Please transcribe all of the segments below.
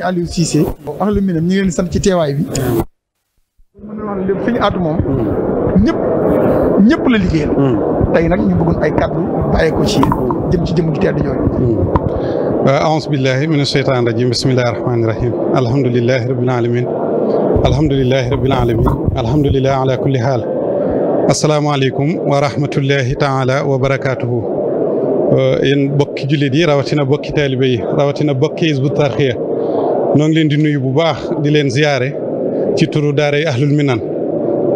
sëñ Aliou Cissé ahlu minam ñu ngi leen sant ci teewaay bi mën wax ne sëñ Atou moom ñëpp ñëpp la liggéeyal mm. tey nag ñu bëggoon ay kàddu bàyyee ko ci jëm ci jëm ju tedd jooju mm. euh, aouzu billahi min asheytaan rajim bismillahi rahmaani rahim alhamdulilahi rabbil alamin alhamdulilahi rabbil alamin alhamdulilah ala kulli haal asalaamaaleykum wa rahmatullahi taala wa barakaatuhu euh, yéen bokki jullit yi rawatina bokki taalibe yi rawatina bokki Hizbut Tarqiyyah noo ngi leen di nuyu bu baax di leen ziyaare ci turu daara yi ahlul minan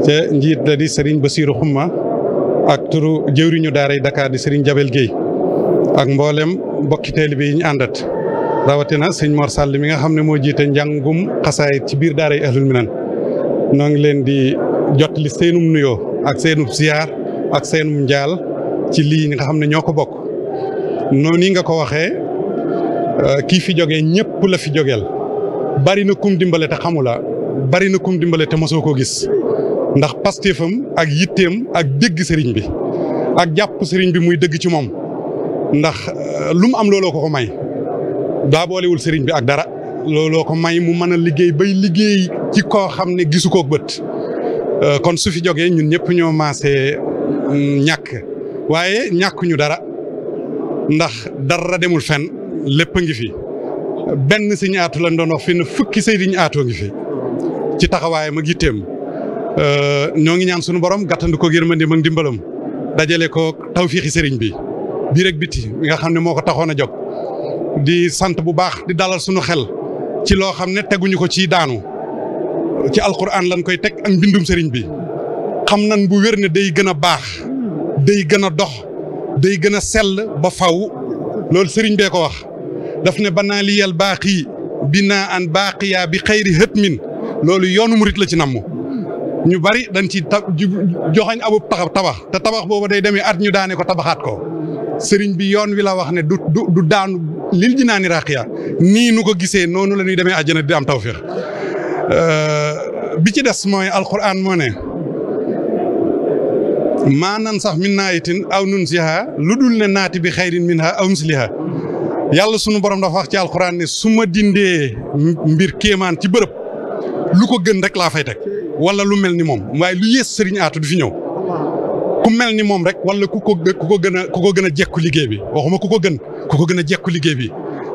ca njiit la di sëriñ Bassirou Xumma ak turu jëwriñu daara yi Dakar di Serigne Jabel Guèye ak mboolem bokki taalibe yi àndat rawatina sëñ Mor Sall mi nga xam ne moo jiite njàngum xasaayit ci biir daara yi ahlul minan noo ngi leen di jot li seenum nuyoo ak seenum ziyaar ak seenum njaal ci lii nga xam ne ñoo ko bokk noonu nga ko waxee kii fi jógee ñëpp la fi jógeel bari na kum dimbale te xamu la bari na kum dimbale te mosoo koo gis ndax pastéefam ak yitteem ak dégg sëriñ bi ak jàpp sëriñ bi muy dëgg ci moom ndax euh, lu mu am looloo ko ko may daa boolewul sëriñ bi ak dara looloo ko may mu mën a liggéey bay liggéey ci koo xam ne gisu kook bët euh, kon su fi jógee ñun ñëpp ñoo maasee mm, ñàkk waaye ñàkkuñu dara ndax dara demul fenn lépp ngi fi. benn sëñ aatu lañ doon wax fi ne fukki sëriñ aatoo ngi fi ci taxawaayam ak yitteem euh, ñoo ngi ñaan sunu borom gàttandu ko yërmande ak dimbalam dajale ko tawfiixi sëriñ bi biir ak biti nga xam ne moo ko taxoon a jóg di sant bu baax di dalal sunu xel ci loo xam ne teguñu ko ci daanu ci alquran lañ koy teg ak mbindum sëriñ bi xam nan bu wér ne day gën a baax day gën a dox day gën a sell ba faw loolu sëriñ bee ko wax def ne banaa liyal baaqi binaa an baaqiyaa bi xayri min loolu yoonu murit la ci namm ñu bari dañ ci ta joxañ abu tabax te tabax boobu day demee at ñu daane ko tabaxaat ko sëriñ bi yoon wi la wax ne du du du daanu lil ji naa ni nii nu ko gisee noonu la ñuy demee àjjana di am tawfiq bi ci des mooy alquran moo ne maanan sax min naayitin aw nun siha lu dul ne naati bi xayrin minha aw misliha yàlla sunu borom dafa wax ci alxuraan ne su ma dindee mbir kéemaan ci bërëb lu ko gën rek laa fay teg wala lu mel ni moom waaye lu yées sëriñ aatu du fi ñëw ku mel ni moom rek wala ku ko ku ko gën a ku ko gën a jekku liggéey bi waxuma ku ko gën ku ko gën a jekku liggéey bi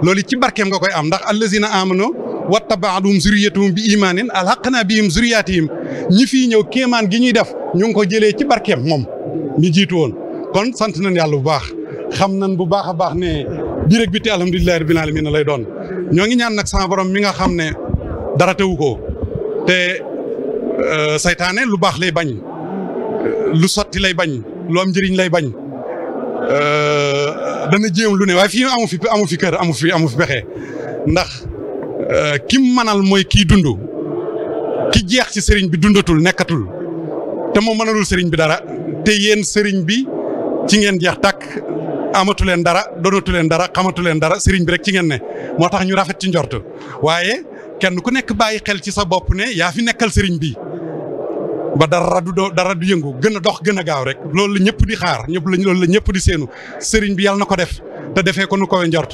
loolu ci barkeem nga koy am ndax allazina amanu wattabaadum zuriyatuhum bi imaanin alhaqna bihim zuriyatihim ñi fii ñëw kéemaan gi ñuy def ñu ngi ko jëlee ci barkeem moom mi jiitu woon direct bi te alhamdulilahi rabbil na lay doon ñoo ngi ñaan nag sama borom mi nga xam ne dara tewu ko te euh, seytaane lu baax lay bañ lu sotti lay bañ lu am njëriñ lay bañ euh, dana jéem lu ne waaye fii amu fi amu fi kër amu fi amu fi pexe ndax euh, kim manal mooy kii dund ki jeex ci sëriñ bi dundatul nekkatul te moo mënalul sëriñ bi dara te yéen sëriñ bi ci ngeen jeex tàkk amatu leen dara doonatu leen dara xamatu leen dara sëriñ bi rek ci ngeen ne moo tax ñu rafet ci njort waaye kenn ku nekk bàyyi xel ci sa bopp ne yaa fi nekkal sëriñ bi ba dara du dara du yëngu gën a dox gën a gaaw rek loolu la ñëpp di xaar ñëpp la loolu la ñëpp di seenu sëriñ bi yàlla na ko def te defee ko nu kowe njort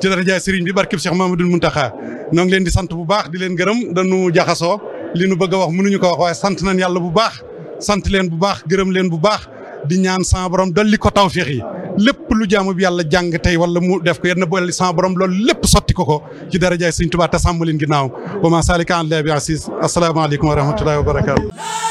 ci daraja sëriñ bi barkib Cheikh Mamadou Mountakha noo ngi leen di sant bu baax di leen gërëm dañu jaxasoo li nu bëgg wax mënuñu ko wax sant nañ yàlla bu baax sant leen bu baax gërëm leen bu baax di ñaan sama borom dolli ko tawfeex yi lépp lu jaamu bi yàlla jàng tey wala mu def ko yenn boole sama borom loolu lépp sotti ko ko ci darajaa Sëriñ Tuubaa te sàmm leen ginnaaw wa maa saalika an laa bi asiis asalaamaaleykum wa rahmatullahi wa barakaatu